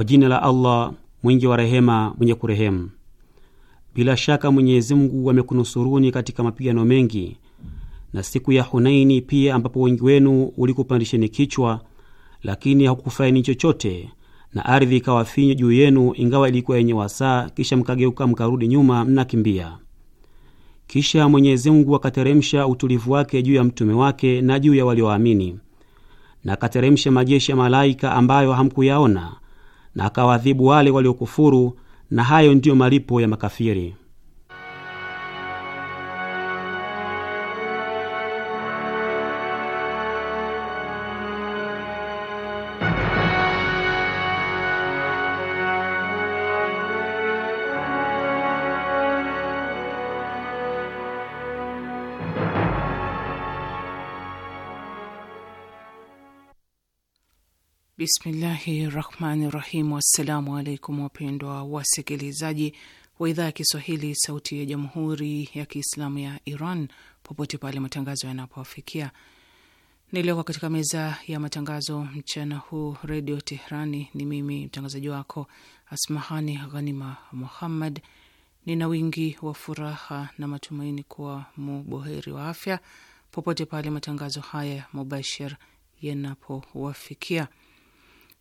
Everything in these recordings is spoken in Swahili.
Kwa jina la Allah mwingi wa rehema, mwenye kurehemu. Bila shaka Mwenyezi Mungu amekunusuruni katika mapigano mengi na siku ya Hunaini pia, ambapo wengi wenu ulikupandisheni kichwa, lakini hakukufaini chochote, na ardhi ikawa finyu juu yenu, ingawa ilikuwa yenye wasaa, kisha mkageuka mkarudi nyuma mnakimbia. Kisha Mwenyezi Mungu akateremsha utulivu wake juu ya mtume wake na juu ya walioamini, na akateremsha majeshi ya malaika ambayo hamkuyaona na akawaadhibu wale waliokufuru, na hayo ndiyo malipo ya makafiri. Bismillahi rahmani rahim. Wassalamu alaikum wapendwa wasikilizaji wa idhaa ya Kiswahili sauti ya jamhuri ya Kiislamu ya Iran popote pale matangazo yanapowafikia. Niliokuwa katika meza ya matangazo mchana huu Redio Tehrani ni mimi mtangazaji wako Asmahani Ghanima Muhammad. Nina wingi wa furaha na matumaini kuwa muboheri wa afya popote pale matangazo haya mubashir yanapowafikia.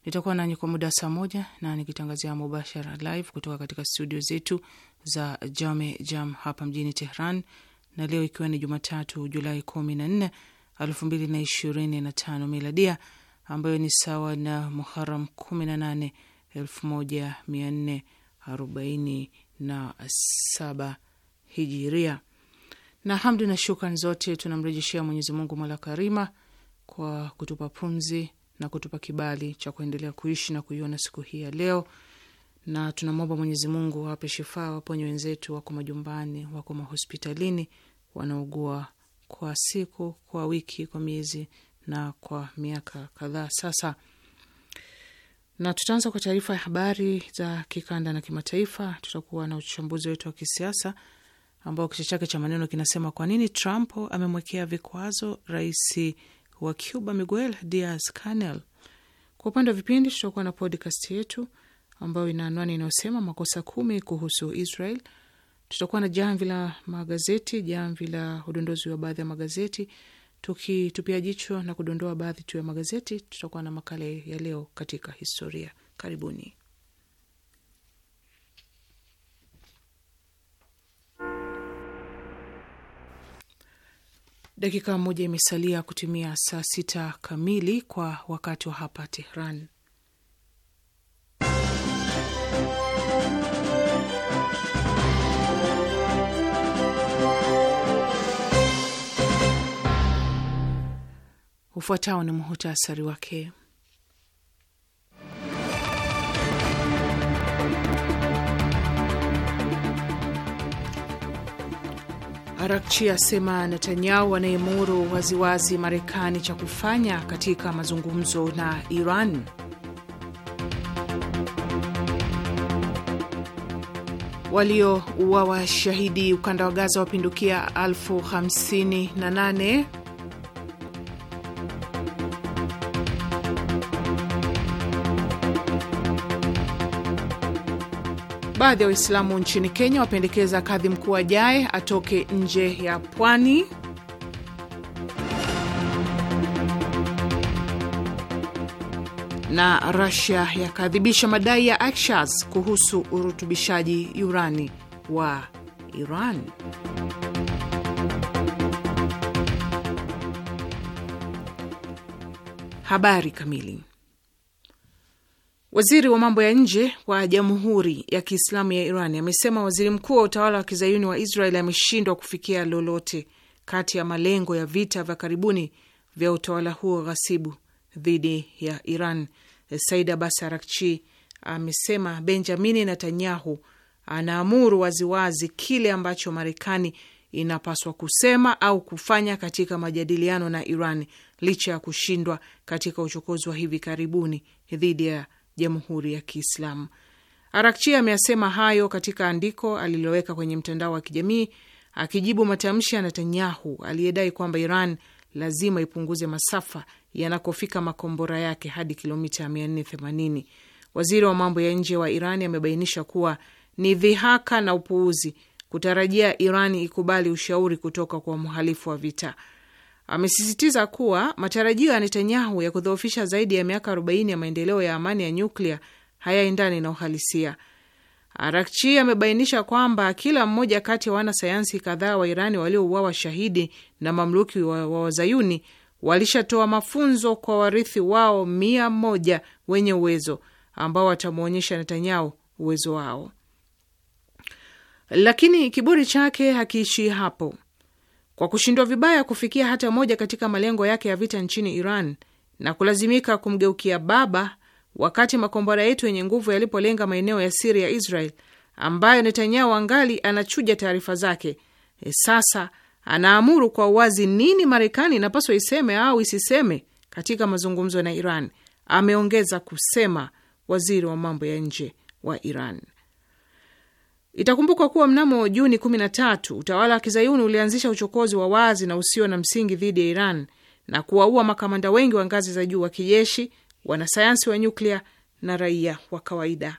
Nitakuwa nanyi kwa muda saa moja na nikitangazia mubashara live kutoka katika studio zetu za Jame Jam hapa mjini Tehran, na leo ikiwa ni Jumatatu Julai kumi na nne mbili na ishirini na tano miladia, ambayo ni sawa na Muharam kumi na nane elfu moja mia nne arobaini na saba hijiria. Na hamdu na shukran zote tunamrejeshea Mwenyezi Mungu mwala karima kwa kutupa pumzi na kutupa kibali cha kuendelea kuishi na kuiona siku hii ya leo, na tunamwomba Mwenyezi Mungu awape shifaa, waponye wenzetu wako majumbani, wako mahospitalini, wanaugua kwa siku, kwa wiki, kwa miezi na kwa miaka kadhaa sasa. Na tutaanza kwa taarifa ya habari za kikanda na kimataifa. Tutakuwa na uchambuzi wetu wa kisiasa ambao kichwa chake cha maneno kinasema kwa nini Trump amemwekea vikwazo rais wa Cuba Miguel Diaz Canel. Kwa upande wa vipindi, tutakuwa na podcast yetu ambayo ina anwani inayosema makosa kumi kuhusu Israel. Tutakuwa na jamvi la magazeti, jamvi la udondozi wa baadhi ya magazeti, tukitupia jicho na kudondoa baadhi tu ya magazeti. Tutakuwa na makala ya leo katika historia. Karibuni. Dakika moja imesalia kutumia saa sita kamili kwa wakati wa hapa Tehran. Ufuatao ni muhutasari wake. Arakchi asema Netanyahu anayemuru waziwazi Marekani cha kufanya katika mazungumzo na Iran. Waliouawa shahidi ukanda wa Gaza wapindukia elfu hamsini na nane Baadhi ya Waislamu nchini Kenya wapendekeza kadhi mkuu ajaye atoke nje ya pwani. Na Russia yakadhibisha madai ya Akshas kuhusu urutubishaji urani wa Iran. Habari kamili. Waziri wa mambo ya nje wa Jamhuri ya Kiislamu ya Iran amesema waziri mkuu wa utawala wa kizayuni wa Israel ameshindwa kufikia lolote kati ya malengo ya vita vya karibuni vya utawala huo ghasibu dhidi ya Iran. Said Abbas Arakchi amesema Benjamini Netanyahu anaamuru waziwazi kile ambacho Marekani inapaswa kusema au kufanya katika majadiliano na Iran licha ya kushindwa katika uchokozi wa hivi karibuni dhidi ya Jamhuri ya Kiislamu. Arakchi ameyasema hayo katika andiko aliloweka kwenye mtandao wa kijamii akijibu matamshi ya Netanyahu aliyedai kwamba Iran lazima ipunguze masafa yanakofika makombora yake hadi kilomita 480. Waziri wa mambo ya nje wa Iran amebainisha kuwa ni dhihaka na upuuzi kutarajia Iran ikubali ushauri kutoka kwa mhalifu wa vita amesisitiza kuwa matarajio ya Netanyahu ya kudhoofisha zaidi ya miaka 40 ya maendeleo ya amani ya nyuklia hayaendani na uhalisia. Arakchi amebainisha kwamba kila mmoja kati ya wanasayansi kadhaa wa Irani waliouawa shahidi na mamluki wa wazayuni walishatoa mafunzo kwa warithi wao mia moja wenye uwezo ambao watamwonyesha Netanyahu uwezo wao. Lakini kiburi chake hakiishi hapo. Kwa kushindwa vibaya kufikia hata moja katika malengo yake ya vita nchini Iran na kulazimika kumgeukia baba wakati makombora yetu yenye nguvu yalipolenga maeneo ya siri ya Israel ambayo Netanyahu angali anachuja taarifa zake. E, sasa anaamuru kwa uwazi nini Marekani inapaswa iseme au isiseme katika mazungumzo na Iran, ameongeza kusema waziri wa mambo ya nje wa Iran. Itakumbukwa kuwa mnamo Juni 13 utawala wa kizayuni ulianzisha uchokozi wa wazi na usio na msingi dhidi ya Iran na kuwaua makamanda wengi wa ngazi za juu wa kijeshi, wanasayansi wa nyuklia na raia wa kawaida.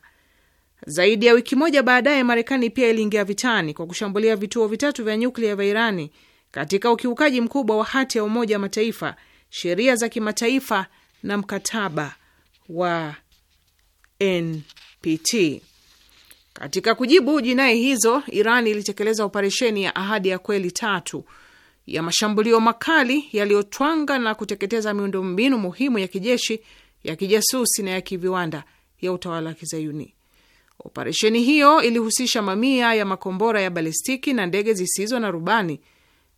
Zaidi ya wiki moja baadaye, Marekani pia iliingia vitani kwa kushambulia vituo vitatu vya nyuklia vya Irani katika ukiukaji mkubwa wa hati ya Umoja wa Mataifa, sheria za kimataifa na mkataba wa NPT. Katika kujibu jinai hizo, Iran ilitekeleza operesheni ya Ahadi ya Kweli tatu ya mashambulio makali yaliyotwanga na kuteketeza miundombinu muhimu ya kijeshi, ya kijasusi na ya kiviwanda ya utawala wa Kizayuni. Operesheni hiyo ilihusisha mamia ya makombora ya balistiki na ndege zisizo na rubani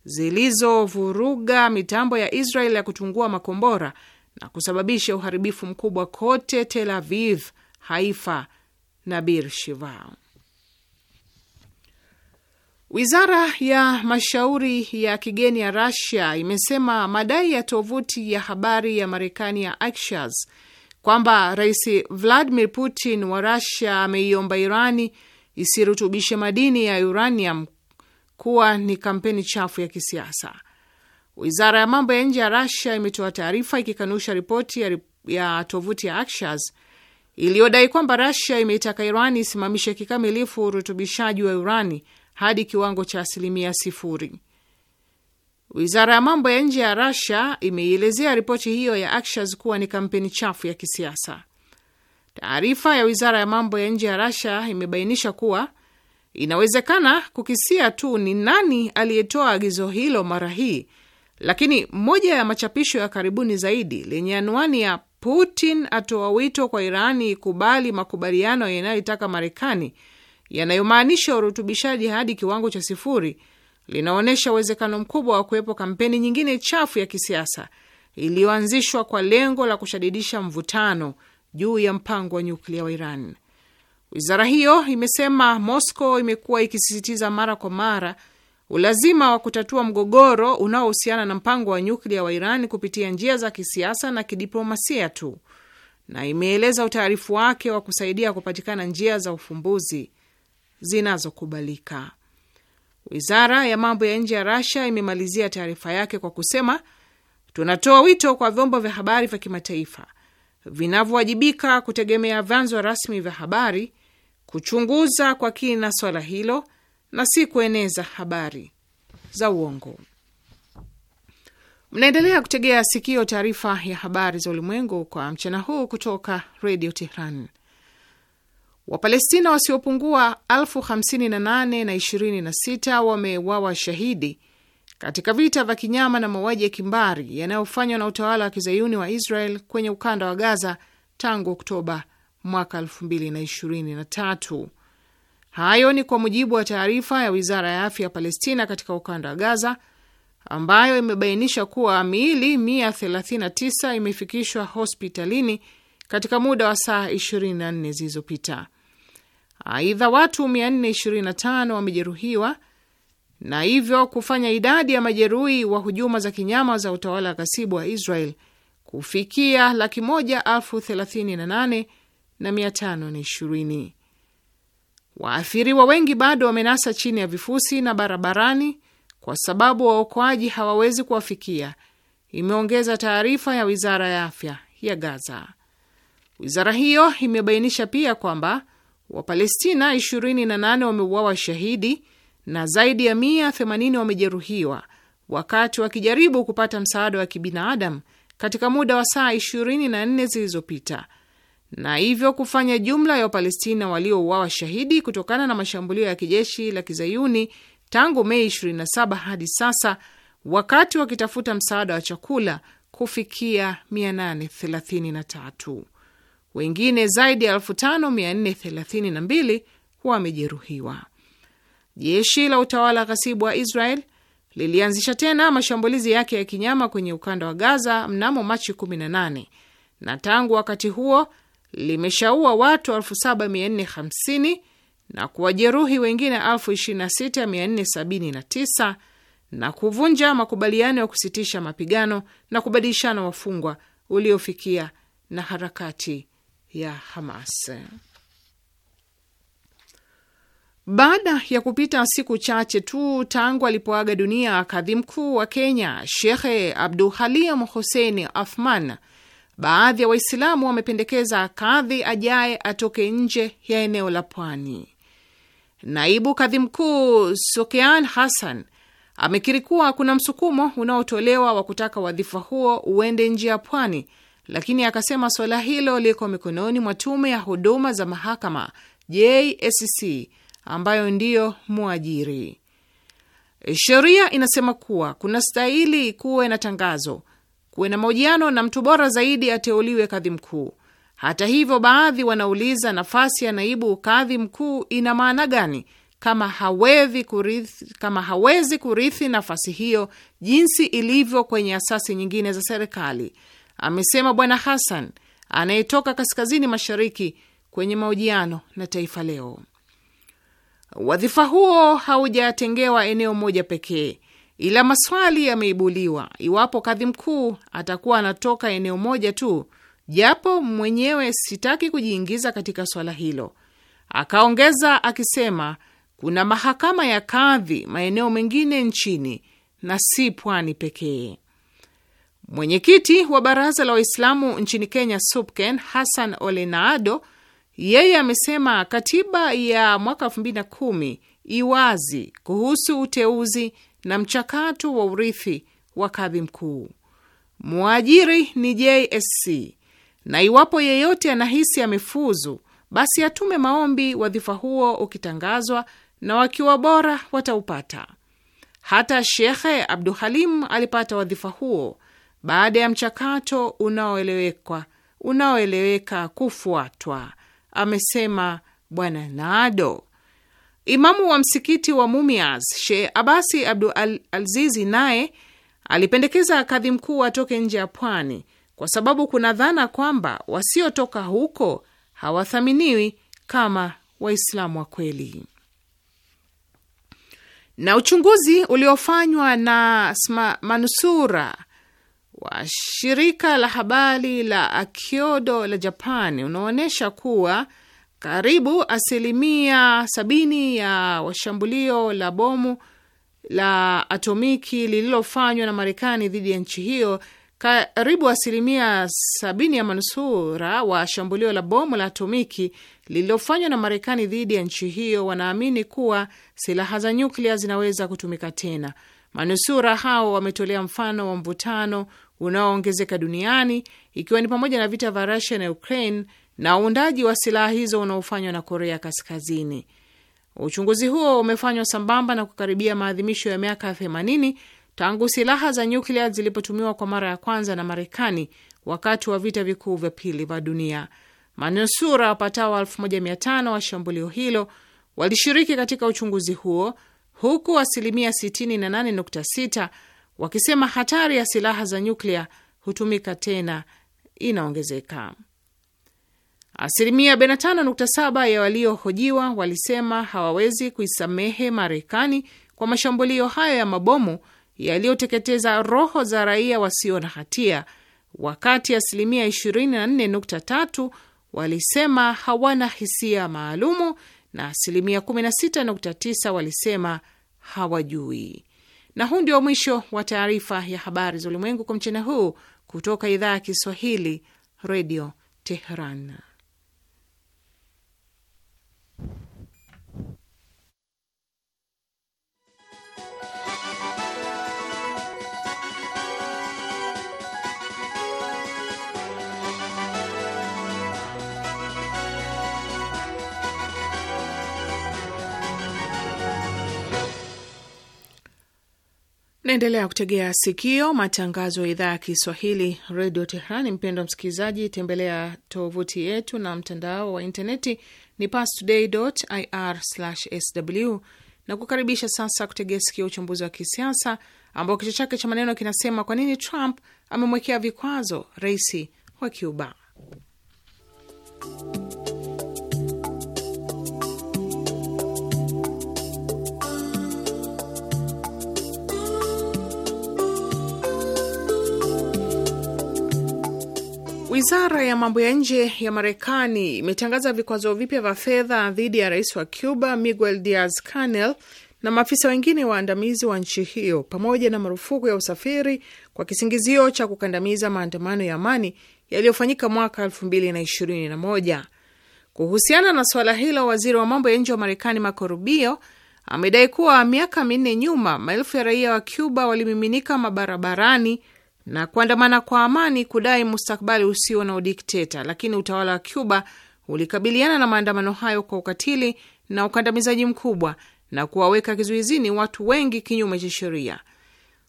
zilizovuruga mitambo ya Israel ya kutungua makombora na kusababisha uharibifu mkubwa kote Tel Aviv, Haifa, na Shiva. Wizara ya mashauri ya kigeni ya Russia imesema madai ya tovuti ya habari ya Marekani ya Axios kwamba Rais Vladimir Putin wa Russia ameiomba Irani isirutubishe madini ya uranium kuwa ni kampeni chafu ya kisiasa. Wizara ya mambo ya nje ya Russia imetoa taarifa ikikanusha ripoti ya, ya tovuti ya Axios iliyodai kwamba Rasia imeitaka Irani isimamishe kikamilifu urutubishaji wa urani hadi kiwango cha asilimia sifuri. Wizara ya mambo ya nje ya Rasia imeielezea ripoti hiyo ya Akshas kuwa ni kampeni chafu ya kisiasa. Taarifa ya wizara ya mambo ya nje ya Rasia imebainisha kuwa inawezekana kukisia tu ni nani aliyetoa agizo hilo mara hii, lakini moja ya machapisho ya karibuni zaidi lenye anwani ya Putin atoa wito kwa Irani ikubali makubaliano yanayoitaka Marekani yanayomaanisha urutubishaji hadi kiwango cha sifuri, linaonyesha uwezekano mkubwa wa kuwepo kampeni nyingine chafu ya kisiasa iliyoanzishwa kwa lengo la kushadidisha mvutano juu ya mpango wa nyuklia wa Iran. Wizara hiyo imesema Moscow imekuwa ikisisitiza mara kwa mara Ulazima wa kutatua mgogoro unaohusiana na mpango wa nyuklia wa Iran kupitia njia za kisiasa na kidiplomasia tu, na imeeleza utaarifu wake wa kusaidia kupatikana njia za ufumbuzi zinazokubalika. Wizara ya mambo ya nje ya Russia imemalizia taarifa yake kwa kusema, tunatoa wito kwa vyombo vya habari vya kimataifa vinavyowajibika kutegemea vyanzo rasmi vya habari kuchunguza kwa kina swala hilo na si kueneza habari za uongo. Mnaendelea kutegea sikio taarifa ya habari za ulimwengu kwa mchana huu kutoka redio Tehran. Wapalestina wasiopungua elfu hamsini na nane na ishirini na sita wamewawa shahidi katika vita vya kinyama na mauaji ya kimbari yanayofanywa na utawala wa kizayuni wa Israel kwenye ukanda wa Gaza tangu Oktoba mwaka elfu mbili na ishirini na tatu. Hayo ni kwa mujibu wa taarifa ya wizara ya afya ya Palestina katika ukanda wa Gaza ambayo imebainisha kuwa miili 139 imefikishwa hospitalini katika muda wa saa 24 zilizopita. Aidha, watu 425 wamejeruhiwa na hivyo kufanya idadi ya majeruhi wa hujuma za kinyama za utawala wa kasibu wa Israel kufikia laki moja elfu thelathini na nane na mia tano na ishirini. Waathiriwa wengi bado wamenasa chini ya vifusi na barabarani kwa sababu waokoaji hawawezi kuwafikia, imeongeza taarifa ya wizara ya afya ya Gaza. Wizara hiyo imebainisha pia kwamba Wapalestina 28 wameuawa shahidi na zaidi ya 180 wamejeruhiwa wakati wakijaribu kupata msaada wa kibinadamu katika muda wa saa 24 zilizopita na hivyo kufanya jumla ya Wapalestina waliouawa shahidi kutokana na mashambulio ya kijeshi la kizayuni tangu Mei 27 hadi sasa, wakati wakitafuta msaada wa chakula kufikia 833. Wengine zaidi ya 5432 wamejeruhiwa. Jeshi la utawala ghasibu wa Israel lilianzisha tena mashambulizi yake ya kinyama kwenye ukanda wa Gaza mnamo Machi 18 na tangu wakati huo limeshaua watu 7450 na kuwajeruhi wengine 26479 na kuvunja makubaliano ya kusitisha mapigano na kubadilishana wafungwa uliofikia na harakati ya Hamas. Baada ya kupita siku chache tu tangu alipoaga dunia kadhi mkuu wa Kenya, Shekhe Abduhalim Hussein Afman Baadhi ya Waislamu wamependekeza kadhi ajaye atoke nje ya eneo la pwani. Naibu kadhi mkuu Sokean Hassan amekiri kuwa kuna msukumo unaotolewa wa kutaka wadhifa huo uende nje ya pwani, lakini akasema suala hilo liko mikononi mwa tume ya huduma za mahakama JSC ambayo ndiyo mwajiri. Sheria inasema kuwa kuna stahili kuwe na tangazo kuwe na mahojiano na mtu bora zaidi ateuliwe kadhi mkuu. Hata hivyo, baadhi wanauliza nafasi ya naibu kadhi mkuu ina maana gani kama hawezi kurithi, kama hawezi kurithi nafasi hiyo jinsi ilivyo kwenye asasi nyingine za serikali, amesema Bwana Hassan anayetoka kaskazini mashariki kwenye mahojiano na Taifa Leo. Wadhifa huo haujatengewa eneo moja pekee, ila maswali yameibuliwa iwapo kadhi mkuu atakuwa anatoka eneo moja tu, japo mwenyewe sitaki kujiingiza katika swala hilo. Akaongeza akisema kuna mahakama ya kadhi maeneo mengine nchini na si pwani pekee. Mwenyekiti wa baraza la Waislamu nchini Kenya, SUPKEN, Hassan Olenaado, yeye amesema katiba ya mwaka 2010 iwazi kuhusu uteuzi na mchakato wa urithi wa kadhi mkuu. Mwajiri ni JSC, na iwapo yeyote anahisi amefuzu, basi atume maombi wadhifa huo ukitangazwa, na wakiwa bora wataupata. Hata Shekhe Abduhalim alipata wadhifa huo baada ya mchakato unaoelewekwa unaoeleweka kufuatwa, amesema Bwana nado Imamu wa msikiti wa Mumias Sheikh Abasi Abdul al Alzizi naye alipendekeza kadhi mkuu atoke nje ya pwani kwa sababu kuna dhana kwamba wasiotoka huko hawathaminiwi kama Waislamu wa kweli. Na uchunguzi uliofanywa na manusura wa shirika la habari la Akiodo la Japani unaonyesha kuwa karibu asilimia sabini ya washambulio la bomu la atomiki lililofanywa na Marekani dhidi ya nchi hiyo, karibu asilimia sabini ya manusura wa shambulio la bomu la atomiki lililofanywa na Marekani dhidi ya nchi hiyo wanaamini kuwa silaha za nyuklia zinaweza kutumika tena. Manusura hao wametolea mfano wa mvutano unaoongezeka duniani ikiwa ni pamoja na vita vya Rusia na Ukraine na uundaji wa silaha hizo unaofanywa na Korea Kaskazini. Uchunguzi huo umefanywa sambamba na kukaribia maadhimisho ya miaka 80 tangu silaha za nyuklia zilipotumiwa kwa mara ya kwanza na Marekani wakati wa vita vikuu vya pili vya dunia. Manusura wapatao 1500 wa shambulio hilo walishiriki katika uchunguzi huo huku asilimia 68.6 wakisema hatari ya silaha za nyuklia hutumika tena inaongezeka. Asilimia 45.7 ya waliohojiwa walisema hawawezi kuisamehe Marekani kwa mashambulio hayo ya mabomu yaliyoteketeza roho za raia wasio na hatia, wakati asilimia 24.3 walisema hawana hisia maalumu na asilimia 16.9 walisema hawajui. Na huu ndio mwisho wa taarifa ya habari za ulimwengu kwa mchana huu kutoka idhaa ya Kiswahili, Redio Teheran. Naendelea kutegea sikio matangazo ya idhaa ya Kiswahili redio Tehrani. Mpendwa msikilizaji, tembelea tovuti yetu na mtandao wa intaneti ni pastoday.ir/sw, na kukaribisha sasa kutegea sikio uchambuzi wa kisiasa ambao kichwa chake cha maneno kinasema kwa nini Trump amemwekea vikwazo rais wa Cuba. Wizara ya mambo ya nje ya Marekani imetangaza vikwazo vipya vya fedha dhidi ya rais wa Cuba Miguel Diaz Canel na maafisa wengine waandamizi wa nchi hiyo pamoja na marufuku ya usafiri kwa kisingizio cha kukandamiza maandamano ya amani yaliyofanyika mwaka 2021. Kuhusiana na suala hilo, waziri wa mambo ya nje wa Marekani Marco Rubio amedai kuwa miaka minne nyuma maelfu ya raia wa Cuba walimiminika mabarabarani na kuandamana kwa amani kudai mustakbali usio na udikteta, lakini utawala wa Cuba ulikabiliana na maandamano hayo kwa ukatili na ukandamizaji mkubwa na kuwaweka kizuizini watu wengi kinyume cha sheria.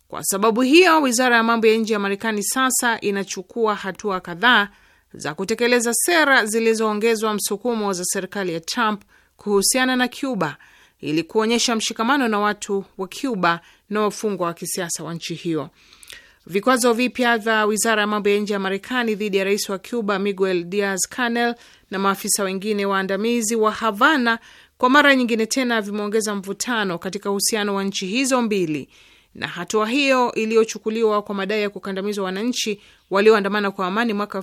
Kwa sababu hiyo, wizara ya mambo ya nje ya Marekani sasa inachukua hatua kadhaa za kutekeleza sera zilizoongezwa msukumo za serikali ya Trump kuhusiana na Cuba ili kuonyesha mshikamano na watu wa Cuba na wafungwa wa kisiasa wa nchi hiyo. Vikwazo vipya vya wizara ya mambo ya nje ya Marekani dhidi ya rais wa Cuba Miguel Diaz Canel na maafisa wengine waandamizi wa Havana kwa mara nyingine tena vimeongeza mvutano katika uhusiano wa nchi hizo mbili, na hatua hiyo iliyochukuliwa kwa madai ya kukandamizwa wananchi walioandamana kwa amani mwaka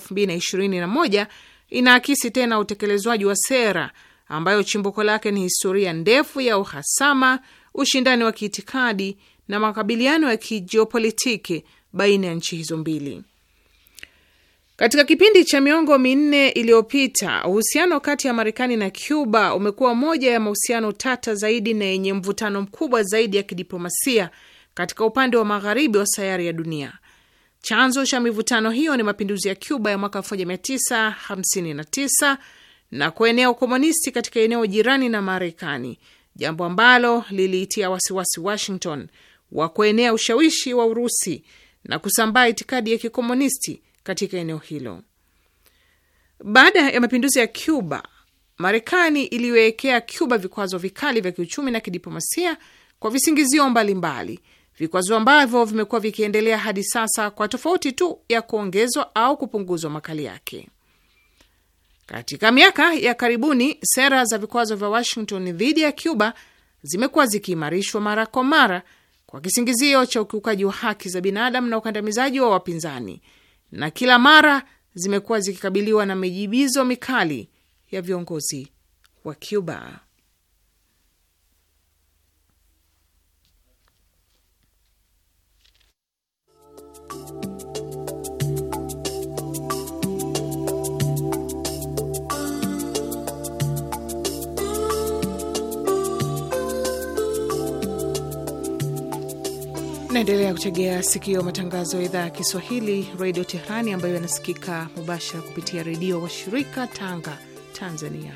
moja inaakisi tena utekelezwaji wa sera ambayo chimbuko lake ni historia ndefu ya uhasama, ushindani wa kiitikadi na makabiliano ya kijiopolitiki baina ya nchi hizo mbili. Katika kipindi cha miongo minne iliyopita, uhusiano kati ya Marekani na Cuba umekuwa moja ya mahusiano tata zaidi na yenye mvutano mkubwa zaidi ya kidiplomasia katika upande wa magharibi wa sayari ya dunia. Chanzo cha mivutano hiyo ni mapinduzi ya Cuba ya mwaka 1959 na kuenea ukomunisti katika eneo jirani na Marekani, jambo ambalo liliitia wasiwasi Washington wa kuenea ushawishi wa Urusi na kusambaa itikadi ya kikomunisti katika eneo hilo. Baada ya mapinduzi ya Cuba, Marekani iliwekea Cuba vikwazo vikali vya kiuchumi na kidiplomasia kwa visingizio mbalimbali, vikwazo ambavyo vimekuwa vikiendelea hadi sasa kwa tofauti tu ya kuongezwa au kupunguzwa makali yake. Katika miaka ya karibuni, sera za vikwazo vya Washington dhidi ya Cuba zimekuwa zikiimarishwa mara kwa mara kwa kisingizio cha ukiukaji wa haki za binadamu na ukandamizaji wa wapinzani, na kila mara zimekuwa zikikabiliwa na mijibizo mikali ya viongozi wa Cuba. Naendelea kutegea sikio matangazo ya idhaa ya Kiswahili redio Tehrani ambayo yanasikika mubashara kupitia redio washirika Tanga, Tanzania.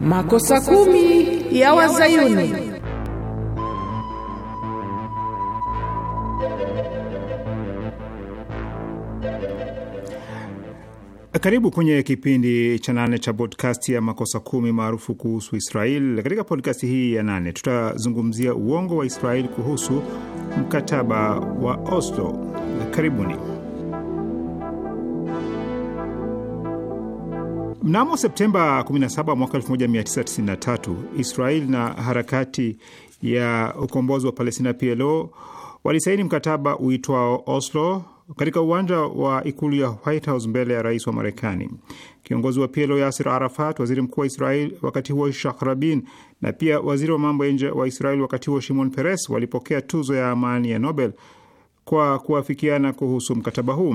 Makosa kumi ya Wazayuni. Karibu kwenye kipindi cha nane cha podcast ya makosa kumi maarufu kuhusu Israel. Katika podcast hii ya nane, tutazungumzia uongo wa Israel kuhusu mkataba wa Oslo. Karibuni. Mnamo Septemba 17 mwaka 1993 Israel na harakati ya ukombozi wa Palestina PLO walisaini mkataba uitwao Oslo katika uwanja wa ikulu ya White House mbele ya rais wa Marekani. Kiongozi wa PLO Yasir Arafat, waziri mkuu wa Israel wakati huo Ishak Rabin na pia waziri wa mambo ya nje wa Israel wakati huo Shimon Peres walipokea tuzo ya amani ya Nobel kwa kuafikiana kuhusu mkataba huu.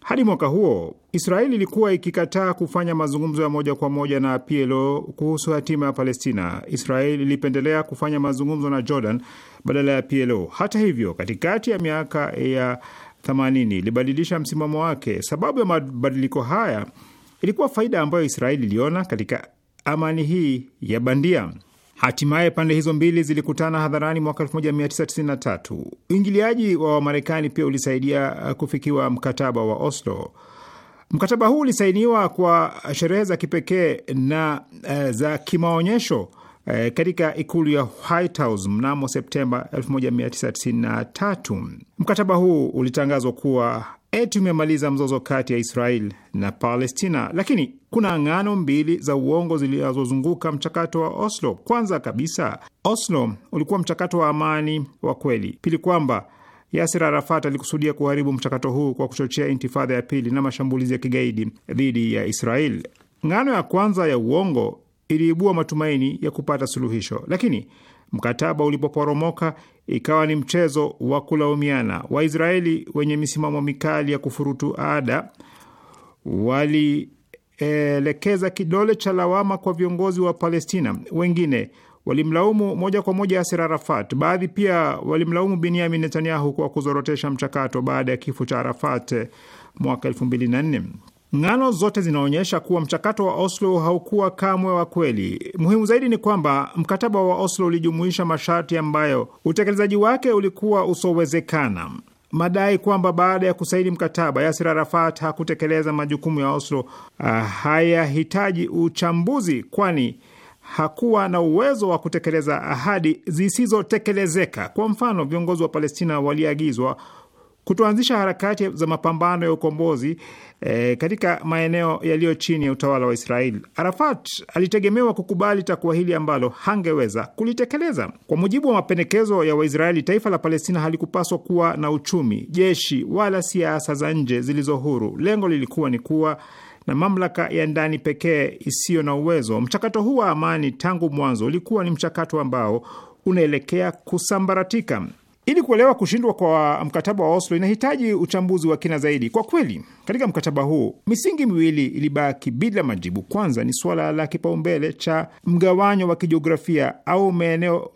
Hadi mwaka huo Israeli ilikuwa ikikataa kufanya mazungumzo ya moja kwa moja na PLO kuhusu hatima ya Palestina. Israeli ilipendelea kufanya mazungumzo na Jordan badala ya PLO. Hata hivyo, katikati ya miaka ya 80 ilibadilisha msimamo wake. Sababu ya mabadiliko haya ilikuwa faida ambayo Israeli iliona katika amani hii ya bandia. Hatimaye pande hizo mbili zilikutana hadharani mwaka 1993. Uingiliaji wa Wamarekani pia ulisaidia uh, kufikiwa mkataba wa Oslo. Mkataba huu ulisainiwa kwa sherehe za kipekee na uh, za kimaonyesho eh, katika ikulu ya White House mnamo Septemba 1993. Mkataba huu ulitangazwa kuwa eti umemaliza mzozo kati ya Israel na Palestina, lakini kuna ngano mbili za uongo zilizozunguka mchakato wa Oslo. Kwanza kabisa, Oslo ulikuwa mchakato wa amani wa kweli; pili, kwamba Yasir Arafat alikusudia kuharibu mchakato huu kwa kuchochea intifadha ya pili na mashambulizi ya kigaidi dhidi ya Israel. Ngano ya kwanza ya uongo iliibua matumaini ya kupata suluhisho, lakini mkataba ulipoporomoka ikawa ni mchezo wa kulaumiana. Waisraeli wenye misimamo mikali ya kufurutu ada walielekeza kidole cha lawama kwa viongozi wa Palestina. Wengine walimlaumu moja kwa moja asir Arafat. Baadhi pia walimlaumu Binyamin Netanyahu kwa kuzorotesha mchakato baada ya kifo cha Arafat mwaka elfu mbili na nne. Ngano zote zinaonyesha kuwa mchakato wa Oslo haukuwa kamwe wa kweli. Muhimu zaidi ni kwamba mkataba wa Oslo ulijumuisha masharti ambayo utekelezaji wake ulikuwa usowezekana. Madai kwamba baada ya kusaini mkataba Yasir Arafat hakutekeleza majukumu ya Oslo uh, hayahitaji uchambuzi, kwani hakuwa na uwezo wa kutekeleza ahadi zisizotekelezeka. Kwa mfano, viongozi wa Palestina waliagizwa kutoanzisha harakati za mapambano ya ukombozi e, katika maeneo yaliyo chini ya utawala wa Israeli. Arafat alitegemewa kukubali takwa hili ambalo hangeweza kulitekeleza. Kwa mujibu wa mapendekezo ya Waisraeli, taifa la Palestina halikupaswa kuwa na uchumi, jeshi wala siasa za nje zilizo huru. Lengo lilikuwa ni kuwa na mamlaka ya ndani pekee isiyo na uwezo. Mchakato huu wa amani tangu mwanzo ulikuwa ni mchakato ambao unaelekea kusambaratika. Ili kuelewa kushindwa kwa mkataba wa Oslo inahitaji uchambuzi wa kina zaidi. Kwa kweli, katika mkataba huu misingi miwili ilibaki bila majibu. Kwanza ni suala la kipaumbele cha mgawanyo wa kijiografia au maeneo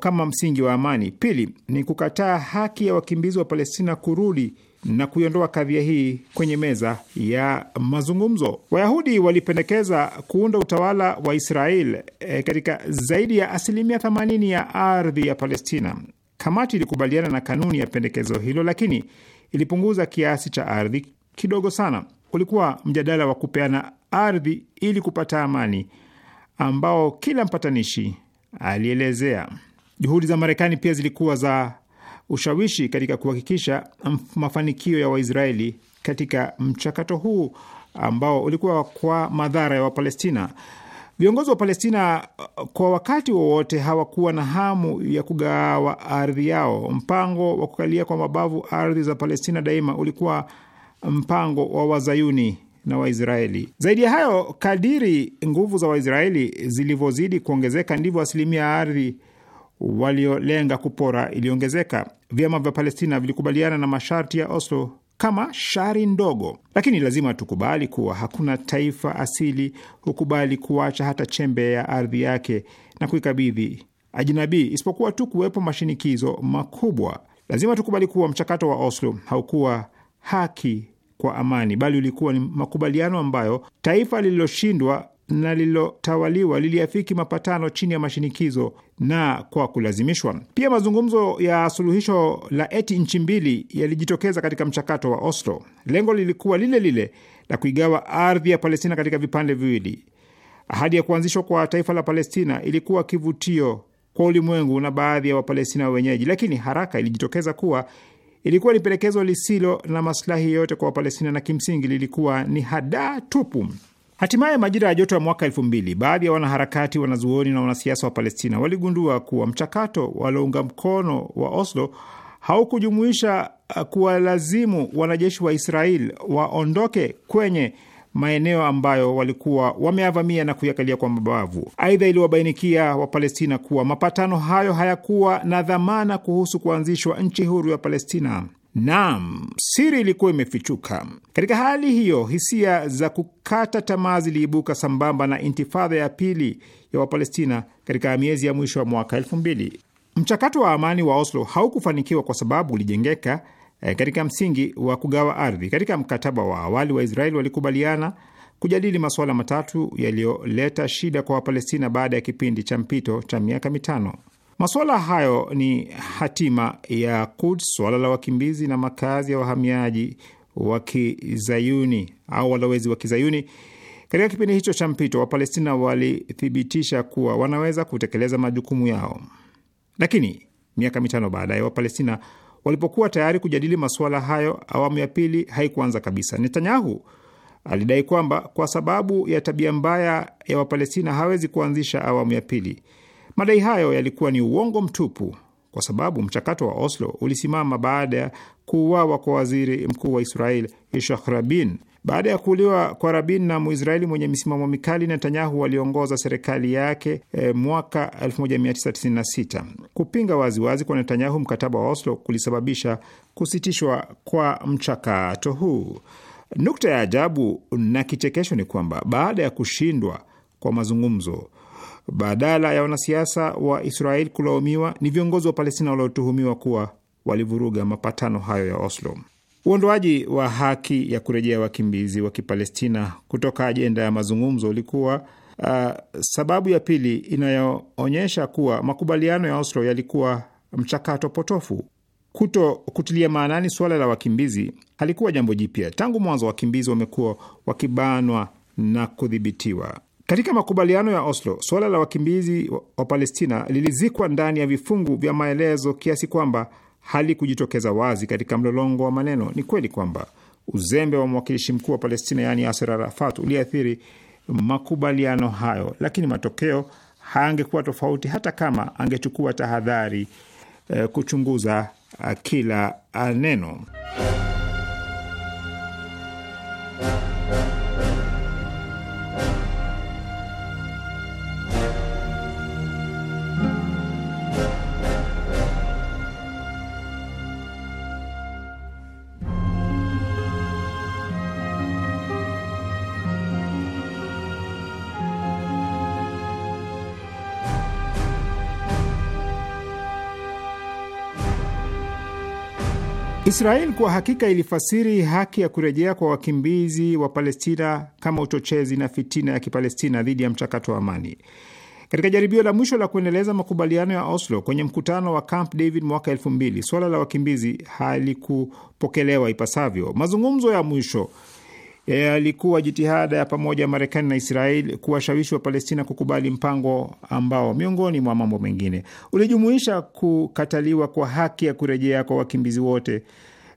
kama msingi wa amani. Pili ni kukataa haki ya wakimbizi wa Palestina kurudi na kuiondoa kadhia hii kwenye meza ya mazungumzo. Wayahudi walipendekeza kuunda utawala wa Israel e, katika zaidi ya asilimia 80 ya ardhi ya Palestina. Kamati ilikubaliana na kanuni ya pendekezo hilo, lakini ilipunguza kiasi cha ardhi kidogo sana. Ulikuwa mjadala wa kupeana ardhi ili kupata amani, ambao kila mpatanishi alielezea. Juhudi za Marekani pia zilikuwa za ushawishi katika kuhakikisha mafanikio ya Waisraeli katika mchakato huu ambao ulikuwa kwa madhara ya Wapalestina. Viongozi wa Palestina uh, kwa wakati wowote hawakuwa na hamu ya kugawa ardhi yao. Mpango wa kukalia kwa mabavu ardhi za Palestina daima ulikuwa mpango wa Wazayuni na Waisraeli. Zaidi ya hayo, kadiri nguvu za Waisraeli zilivyozidi kuongezeka, ndivyo asilimia ya ardhi waliolenga kupora iliongezeka. Vyama vya Palestina vilikubaliana na masharti ya Oslo kama shari ndogo, lakini lazima tukubali kuwa hakuna taifa asili hukubali kuacha hata chembe ya ardhi yake na kuikabidhi ajinabii, isipokuwa tu kuwepo mashinikizo makubwa. Lazima tukubali kuwa mchakato wa Oslo haukuwa haki kwa amani, bali ulikuwa ni makubaliano ambayo taifa lililoshindwa na lililotawaliwa liliafiki mapatano chini ya mashinikizo na kwa kulazimishwa. Pia mazungumzo ya suluhisho la eti nchi mbili yalijitokeza katika mchakato wa Oslo. Lengo lilikuwa lile lile la kuigawa ardhi ya Palestina katika vipande viwili. Ahadi ya kuanzishwa kwa taifa la Palestina ilikuwa kivutio kwa ulimwengu na baadhi ya Wapalestina wenyeji, lakini haraka ilijitokeza kuwa ilikuwa ni pendekezo lisilo na maslahi yoyote kwa Wapalestina na kimsingi lilikuwa ni hadaa tupu. Hatimaye majira ya joto ya mwaka elfu mbili, baadhi ya wanaharakati, wanazuoni na wanasiasa wa Palestina waligundua kuwa mchakato waliounga mkono wa Oslo haukujumuisha uh, kuwalazimu wanajeshi wa Israel waondoke kwenye maeneo ambayo walikuwa wameavamia na kuyakalia kwa mabavu. Aidha, iliwabainikia Wapalestina kuwa mapatano hayo hayakuwa na dhamana kuhusu kuanzishwa nchi huru ya Palestina. Naam, siri ilikuwa imefichuka. Katika hali hiyo, hisia za kukata tamaa ziliibuka sambamba na intifadha ya pili ya Wapalestina katika miezi ya mwisho wa mwaka elfu mbili. Mchakato wa amani wa Oslo haukufanikiwa kwa sababu ulijengeka eh, katika msingi wa kugawa ardhi. Katika mkataba wa awali wa Israeli walikubaliana kujadili masuala matatu yaliyoleta shida kwa Wapalestina baada ya kipindi cha mpito cha miaka mitano. Masuala hayo ni hatima ya Quds, swala la wakimbizi na makazi ya wahamiaji wa kizayuni au walowezi wa kizayuni. Katika kipindi hicho cha mpito, Wapalestina walithibitisha kuwa wanaweza kutekeleza majukumu yao, lakini miaka mitano baadaye, Wapalestina walipokuwa tayari kujadili masuala hayo, awamu ya pili haikuanza kabisa. Netanyahu alidai kwamba kwa sababu ya tabia mbaya ya Wapalestina hawezi kuanzisha awamu ya pili. Madai hayo yalikuwa ni uongo mtupu kwa sababu mchakato wa Oslo ulisimama baada ya kuuawa kwa waziri mkuu wa Israel Ishak Rabin. Baada ya kuuliwa kwa Rabin na Muisraeli mwenye misimamo mikali, Netanyahu waliongoza serikali yake e, mwaka 1996. Kupinga waziwazi wazi kwa Netanyahu mkataba wa Oslo kulisababisha kusitishwa kwa mchakato huu. Nukta ya ajabu na kichekesho ni kwamba baada ya kushindwa kwa mazungumzo badala ya wanasiasa wa Israel kulaumiwa, ni viongozi wa Palestina waliotuhumiwa kuwa walivuruga mapatano hayo ya Oslo. Uondoaji wa haki ya kurejea wakimbizi wa Kipalestina kutoka ajenda ya mazungumzo ulikuwa uh, sababu ya pili inayoonyesha kuwa makubaliano ya Oslo yalikuwa mchakato potofu. Kuto kutilia maanani suala la wakimbizi halikuwa jambo jipya. Tangu mwanzo wakimbizi wamekuwa wakibanwa na kudhibitiwa. Katika makubaliano ya Oslo, suala la wakimbizi wa Palestina lilizikwa ndani ya vifungu vya maelezo kiasi kwamba halikujitokeza wazi katika mlolongo wa maneno. Ni kweli kwamba uzembe wa mwakilishi mkuu wa Palestina, yaani Yasser Arafat, uliathiri makubaliano hayo, lakini matokeo hayangekuwa tofauti hata kama angechukua tahadhari eh, kuchunguza eh, kila eh, neno. Israel kwa hakika ilifasiri haki ya kurejea kwa wakimbizi wa Palestina kama uchochezi na fitina ya Kipalestina dhidi ya mchakato wa amani. Katika jaribio la mwisho la kuendeleza makubaliano ya Oslo kwenye mkutano wa Camp David mwaka elfu mbili, suala la wakimbizi halikupokelewa ipasavyo. Mazungumzo ya mwisho yalikuwa e, jitihada ya pamoja ya Marekani na Israel kuwashawishi wa Palestina kukubali mpango ambao miongoni mwa mambo mengine ulijumuisha kukataliwa kwa haki ya kurejea kwa wakimbizi wote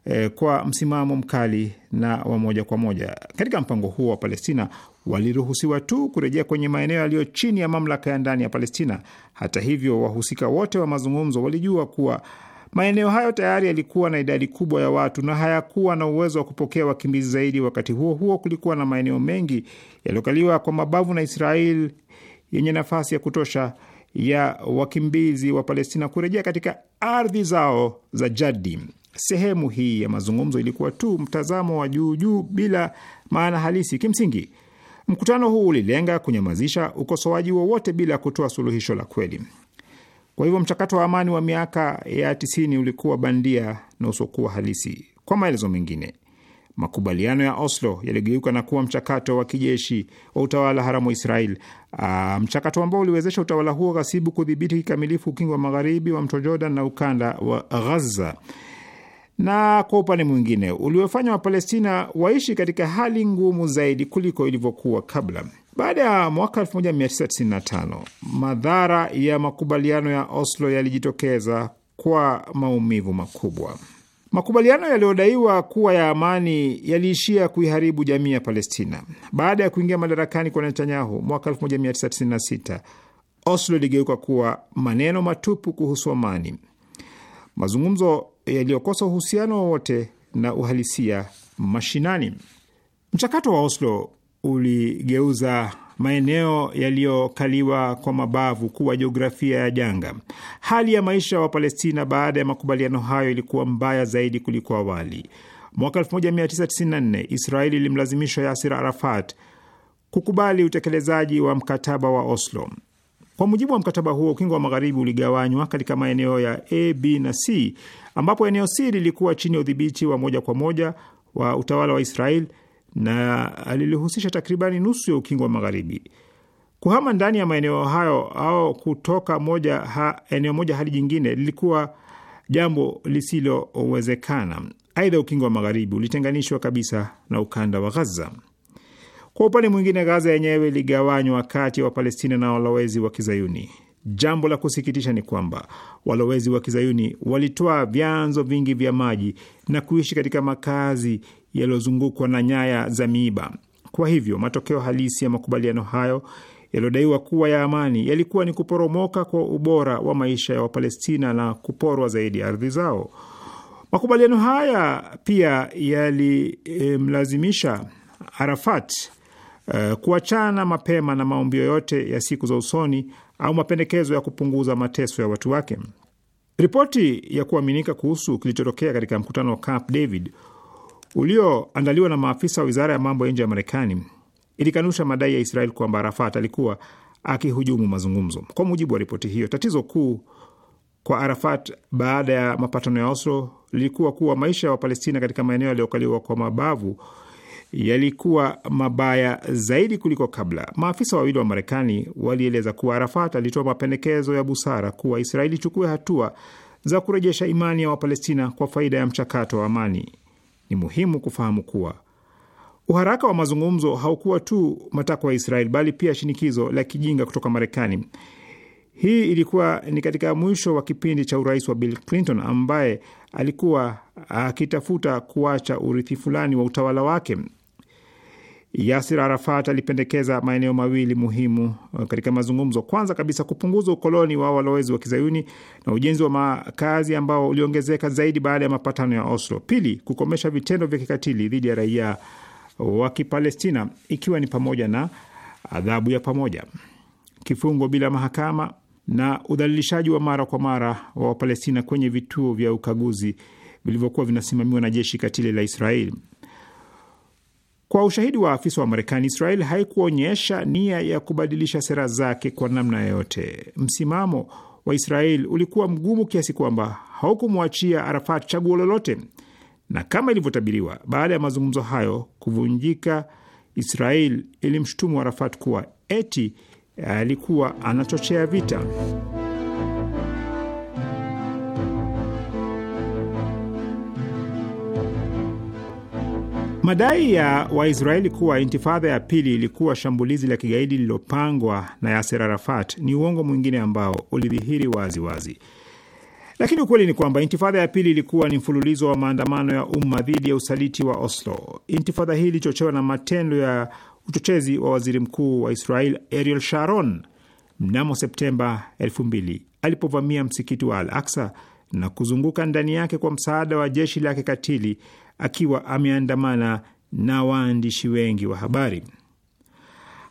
eh, kwa msimamo mkali na wa moja kwa moja. Katika mpango huo wa Palestina waliruhusiwa tu kurejea kwenye maeneo yaliyo chini ya mamlaka ya ndani ya Palestina. Hata hivyo, wahusika wote wa mazungumzo walijua kuwa Maeneo hayo tayari yalikuwa na idadi kubwa ya watu na hayakuwa na uwezo wa kupokea wakimbizi zaidi. Wakati huo huo, kulikuwa na maeneo mengi yaliyokaliwa kwa mabavu na israel yenye nafasi ya kutosha ya wakimbizi wa Palestina kurejea katika ardhi zao za jadi. Sehemu hii ya mazungumzo ilikuwa tu mtazamo wa juu juu, bila maana halisi. Kimsingi, mkutano huu ulilenga kunyamazisha ukosoaji wowote bila kutoa suluhisho la kweli. Kwa hivyo mchakato wa amani wa miaka ya tisini ulikuwa bandia na usiokuwa halisi. Kwa maelezo mengine, makubaliano ya Oslo yaligeuka na kuwa mchakato wa kijeshi wa utawala haramu wa Israel, ah, mchakato ambao uliwezesha utawala huo ghasibu kudhibiti kikamilifu ukingo wa magharibi wa mto Jordan na ukanda wa Ghaza, na kwa upande mwingine uliofanya Wapalestina waishi katika hali ngumu zaidi kuliko ilivyokuwa kabla. Baada ya mwaka 1995 madhara ya makubaliano ya Oslo yalijitokeza kwa maumivu makubwa. Makubaliano yaliyodaiwa kuwa ya amani yaliishia kuiharibu jamii ya Palestina. Baada ya kuingia madarakani kwa Netanyahu mwaka 1996, Oslo iligeuka kuwa maneno matupu kuhusu amani, mazungumzo yaliyokosa uhusiano wowote na uhalisia mashinani. Mchakato wa Oslo uligeuza maeneo yaliyokaliwa kwa mabavu kuwa jiografia ya janga. Hali ya maisha ya Wapalestina baada ya makubaliano hayo ilikuwa mbaya zaidi kuliko awali. Mwaka 1994 Israeli ilimlazimisha Yasir Arafat kukubali utekelezaji wa mkataba wa Oslo. Kwa mujibu wa mkataba huo, ukingo wa magharibi uligawanywa katika maeneo ya A, B na C, ambapo eneo C lilikuwa chini ya udhibiti wa moja kwa moja wa utawala wa Israeli na lilihusisha takribani nusu ya ukingo wa magharibi. Kuhama ndani ya maeneo hayo au kutoka moja ha, eneo moja hadi jingine lilikuwa jambo lisilowezekana. Aidha, ukingo wa magharibi ulitenganishwa kabisa na ukanda wa Ghaza. Kwa upande mwingine, Gaza yenyewe iligawanywa kati ya Wapalestina na walowezi wa Kizayuni. Jambo la kusikitisha ni kwamba walowezi wa Kizayuni walitoa vyanzo vingi vya maji na kuishi katika makazi yaliyozungukwa na nyaya za miiba. Kwa hivyo matokeo halisi ya makubaliano hayo yaliyodaiwa kuwa ya amani yalikuwa ni kuporomoka kwa ubora wa maisha ya Wapalestina na kuporwa zaidi ya ardhi zao. Makubaliano haya pia yalimlazimisha e, Arafat e, kuachana mapema na maombi yoyote ya siku za usoni au mapendekezo ya kupunguza mateso ya watu wake. Ripoti ya kuaminika kuhusu kilichotokea katika mkutano wa Camp David ulioandaliwa na maafisa wa wizara ya mambo ya nje ya Marekani ilikanusha madai ya Israel kwamba Arafat alikuwa akihujumu mazungumzo. Kwa mujibu wa ripoti hiyo, tatizo kuu kwa Arafat baada ya mapatano ya Oslo lilikuwa kuwa maisha ya Wapalestina katika maeneo yaliyokaliwa kwa mabavu yalikuwa mabaya zaidi kuliko kabla. Maafisa wawili wa Marekani walieleza kuwa Arafat alitoa mapendekezo ya busara kuwa Israeli ichukue hatua za kurejesha imani ya Wapalestina kwa faida ya mchakato wa amani ni muhimu kufahamu kuwa uharaka wa mazungumzo haukuwa tu matakwa ya israel bali pia shinikizo la kijinga kutoka Marekani. Hii ilikuwa ni katika mwisho wa kipindi cha urais wa Bill Clinton ambaye alikuwa akitafuta kuacha urithi fulani wa utawala wake. Yasir Arafat alipendekeza maeneo mawili muhimu uh, katika mazungumzo. Kwanza kabisa, kupunguza ukoloni wa walowezi wa kizayuni na ujenzi wa makazi ambao uliongezeka zaidi baada ya mapatano ya Oslo. Pili, kukomesha vitendo vya kikatili dhidi ya raia wa Kipalestina, ikiwa ni pamoja na adhabu ya pamoja, kifungo bila mahakama na udhalilishaji wa mara kwa mara wa Wapalestina kwenye vituo vya ukaguzi vilivyokuwa vinasimamiwa na jeshi katili la Israeli. Kwa ushahidi wa afisa wa Marekani, Israel haikuonyesha nia ya kubadilisha sera zake kwa namna yoyote. Msimamo wa Israel ulikuwa mgumu kiasi kwamba haukumwachia Arafat chaguo lolote, na kama ilivyotabiriwa, baada ya mazungumzo hayo kuvunjika, Israel ilimshutumu Arafat kuwa eti alikuwa anachochea vita. Madai ya Waisraeli kuwa intifadha ya pili ilikuwa shambulizi la kigaidi lililopangwa na Yaser Arafat ni uongo mwingine ambao ulidhihiri wazi wazi. Lakini ukweli ni kwamba intifadha ya pili ilikuwa ni mfululizo wa maandamano ya umma dhidi ya usaliti wa Oslo. Intifadha hii ilichochewa na matendo ya uchochezi wa waziri mkuu wa Israel Ariel Sharon mnamo Septemba 2000 alipovamia msikiti wa Al Aksa na kuzunguka ndani yake kwa msaada wa jeshi lake katili akiwa ameandamana na waandishi wengi wa habari.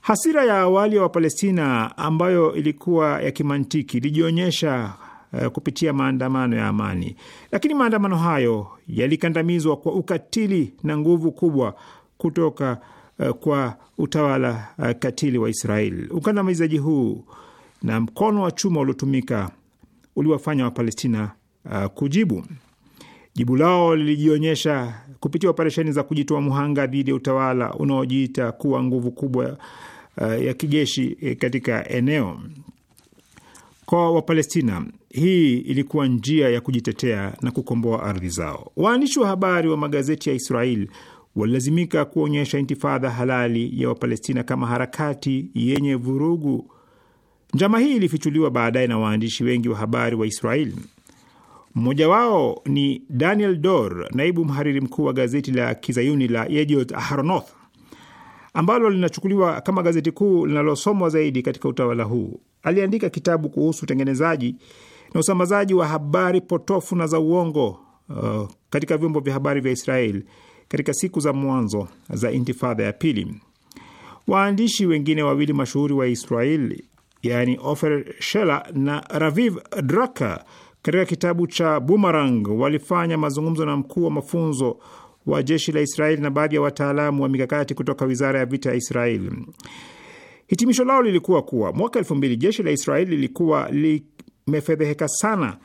Hasira ya awali ya wa Wapalestina ambayo ilikuwa ya kimantiki ilijionyesha uh, kupitia maandamano ya amani, lakini maandamano hayo yalikandamizwa kwa ukatili na nguvu kubwa kutoka uh, kwa utawala uh, katili wa Israeli. Ukandamizaji huu na mkono wa chuma uliotumika uliwafanya Wapalestina uh, kujibu. Jibu lao lilijionyesha kupitia operesheni za kujitoa mhanga dhidi ya utawala unaojiita kuwa nguvu kubwa uh, ya kijeshi eh, katika eneo. Kwa Wapalestina, hii ilikuwa njia ya kujitetea na kukomboa ardhi zao. Waandishi wa habari wa magazeti ya Israel walilazimika kuonyesha intifadha halali ya Wapalestina kama harakati yenye vurugu. Njama hii ilifichuliwa baadaye na waandishi wengi wa habari wa Israeli. Mmoja wao ni Daniel Dor, naibu mhariri mkuu wa gazeti la kizayuni la Yediot Ahronoth ambalo linachukuliwa kama gazeti kuu linalosomwa zaidi katika utawala huu. Aliandika kitabu kuhusu utengenezaji na usambazaji wa habari potofu na za uongo uh, katika vyombo vya habari vya Israel katika siku za mwanzo za intifadha ya pili. Waandishi wengine wawili mashuhuri wa Israel, yani Ofer Shela na Raviv Draka, katika kitabu cha Bumarang walifanya mazungumzo na mkuu wa mafunzo wa jeshi la Israeli na baadhi ya wataalamu wa mikakati kutoka wizara ya vita ya Israeli. Hitimisho lao lilikuwa kuwa mwaka elfu mbili jeshi la Israeli lilikuwa limefedheheka sana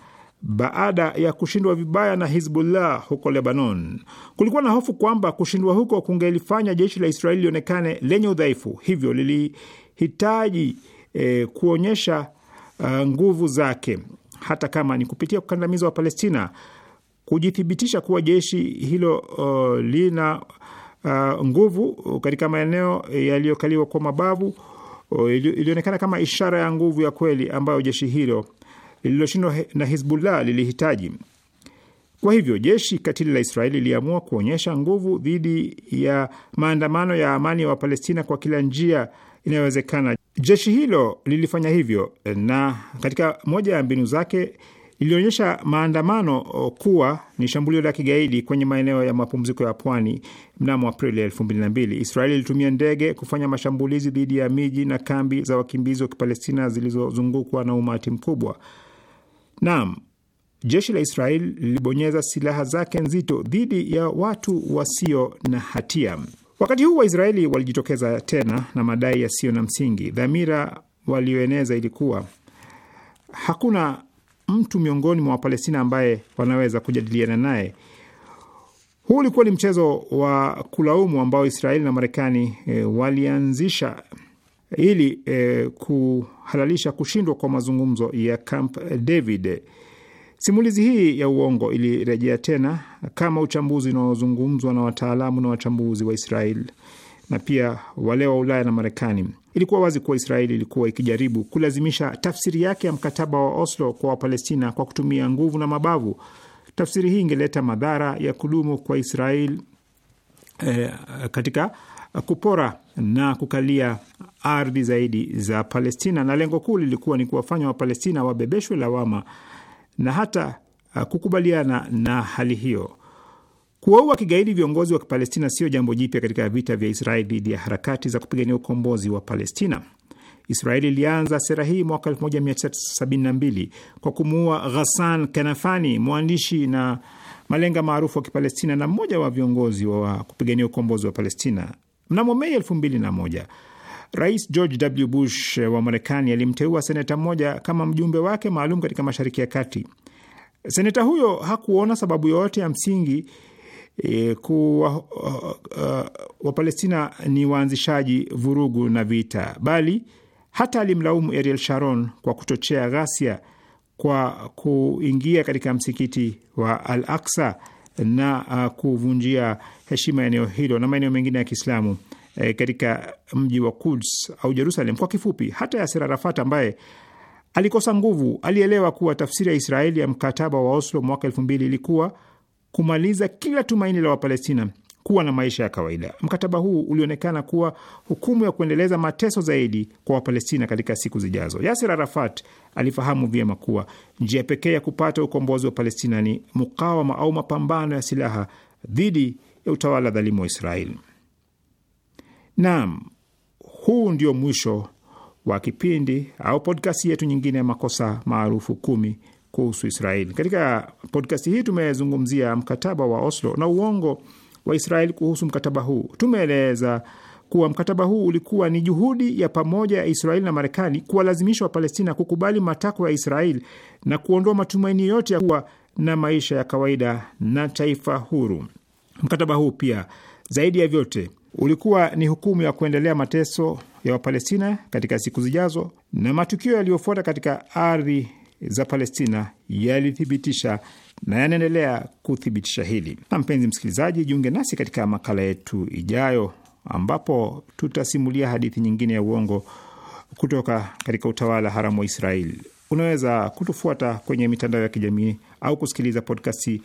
baada ya kushindwa vibaya na Hizbullah huko Lebanon. Kulikuwa na hofu kwamba kushindwa huko kungelifanya jeshi la Israeli lionekane lenye udhaifu, hivyo lilihitaji eh, kuonyesha uh, nguvu zake hata kama ni kupitia kukandamiza Wapalestina, kujithibitisha kuwa jeshi hilo uh, lina uh, nguvu katika maeneo yaliyokaliwa kwa mabavu uh, ilionekana kama ishara ya nguvu ya kweli ambayo jeshi hilo lililoshindwa na Hizbullah lilihitaji. Kwa hivyo jeshi katili la Israeli liliamua kuonyesha nguvu dhidi ya maandamano ya amani ya Wapalestina kwa kila njia inayowezekana. Jeshi hilo lilifanya hivyo, na katika moja ya mbinu zake lilionyesha maandamano kuwa ni shambulio la kigaidi kwenye maeneo ya mapumziko ya pwani. Mnamo Aprili elfu mbili na mbili, Israeli ilitumia ndege kufanya mashambulizi dhidi ya miji na kambi za wakimbizi wa Kipalestina zilizozungukwa na umati mkubwa. Naam, jeshi la Israeli lilibonyeza silaha zake nzito dhidi ya watu wasio na hatia. Wakati huu Waisraeli walijitokeza tena na madai yasiyo na msingi. Dhamira walioeneza ilikuwa hakuna mtu miongoni mwa Wapalestina ambaye wanaweza kujadiliana naye. Huu ulikuwa ni mchezo wa kulaumu ambao Israeli na Marekani e, walianzisha ili e, kuhalalisha kushindwa kwa mazungumzo ya Camp David. Simulizi hii ya uongo ilirejea tena kama uchambuzi unaozungumzwa na wataalamu na wachambuzi wa Israeli na pia wale wa Ulaya na Marekani. Ilikuwa wazi kuwa Israeli ilikuwa ikijaribu kulazimisha tafsiri yake ya mkataba wa Oslo kwa Wapalestina kwa kutumia nguvu na mabavu. Tafsiri hii ingeleta madhara ya kudumu kwa Israeli eh, katika kupora na kukalia ardhi zaidi za Palestina, na lengo kuu lilikuwa ni kuwafanya Wapalestina wabebeshwe lawama na hata uh, kukubaliana na hali hiyo. Kuwaua kigaidi viongozi wa Palestina sio jambo jipya katika vita vya Israeli dhidi ya harakati za kupigania ukombozi wa Palestina. Israeli ilianza sera hii mwaka 1972 kwa kumuua Ghassan Kanafani, mwandishi na malenga maarufu wa Kipalestina na mmoja wa viongozi wa kupigania ukombozi wa Palestina. Mnamo Mei 2001 Rais George W. Bush wa Marekani alimteua seneta mmoja kama mjumbe wake maalum katika Mashariki ya Kati. Seneta huyo hakuona sababu yoyote ya msingi e, kuwa uh, uh, Wapalestina ni waanzishaji vurugu na vita, bali hata alimlaumu Ariel Sharon kwa kuchochea ghasia kwa kuingia katika msikiti wa Al Aksa na uh, kuvunjia heshima eneo hilo na maeneo mengine ya Kiislamu e, katika mji wa Quds au Jerusalem kwa kifupi. Hata Yasser Arafat ambaye alikosa nguvu alielewa kuwa tafsiri ya Israeli ya mkataba wa Oslo mwaka elfu mbili ilikuwa kumaliza kila tumaini la Wapalestina kuwa na maisha ya kawaida. Mkataba huu ulionekana kuwa hukumu ya kuendeleza mateso zaidi kwa Wapalestina katika siku zijazo. Yasir Arafat alifahamu vyema kuwa njia pekee ya kupata ukombozi wa Palestina ni mukawama au mapambano ya silaha dhidi ya utawala dhalimu wa Israeli. Naam, huu ndio mwisho wa kipindi au podkasti yetu nyingine ya makosa maarufu kumi kuhusu Israeli. Katika podkasti hii tumezungumzia mkataba wa Oslo na uongo wa Israeli kuhusu mkataba huu. Tumeeleza kuwa mkataba huu ulikuwa ni juhudi ya pamoja ya Israeli na Marekani kuwalazimisha Wapalestina kukubali matakwa ya Israeli na kuondoa matumaini yote ya kuwa na maisha ya kawaida na taifa huru. Mkataba huu pia, zaidi ya vyote, ulikuwa ni hukumu ya kuendelea mateso ya Wapalestina katika siku zijazo, na matukio yaliyofuata katika ardhi za Palestina yalithibitisha na yanaendelea kuthibitisha hili. Na mpenzi msikilizaji, jiunge nasi katika makala yetu ijayo, ambapo tutasimulia hadithi nyingine ya uongo kutoka katika utawala haramu wa Israeli. Unaweza kutufuata kwenye mitandao ya kijamii au kusikiliza podkasti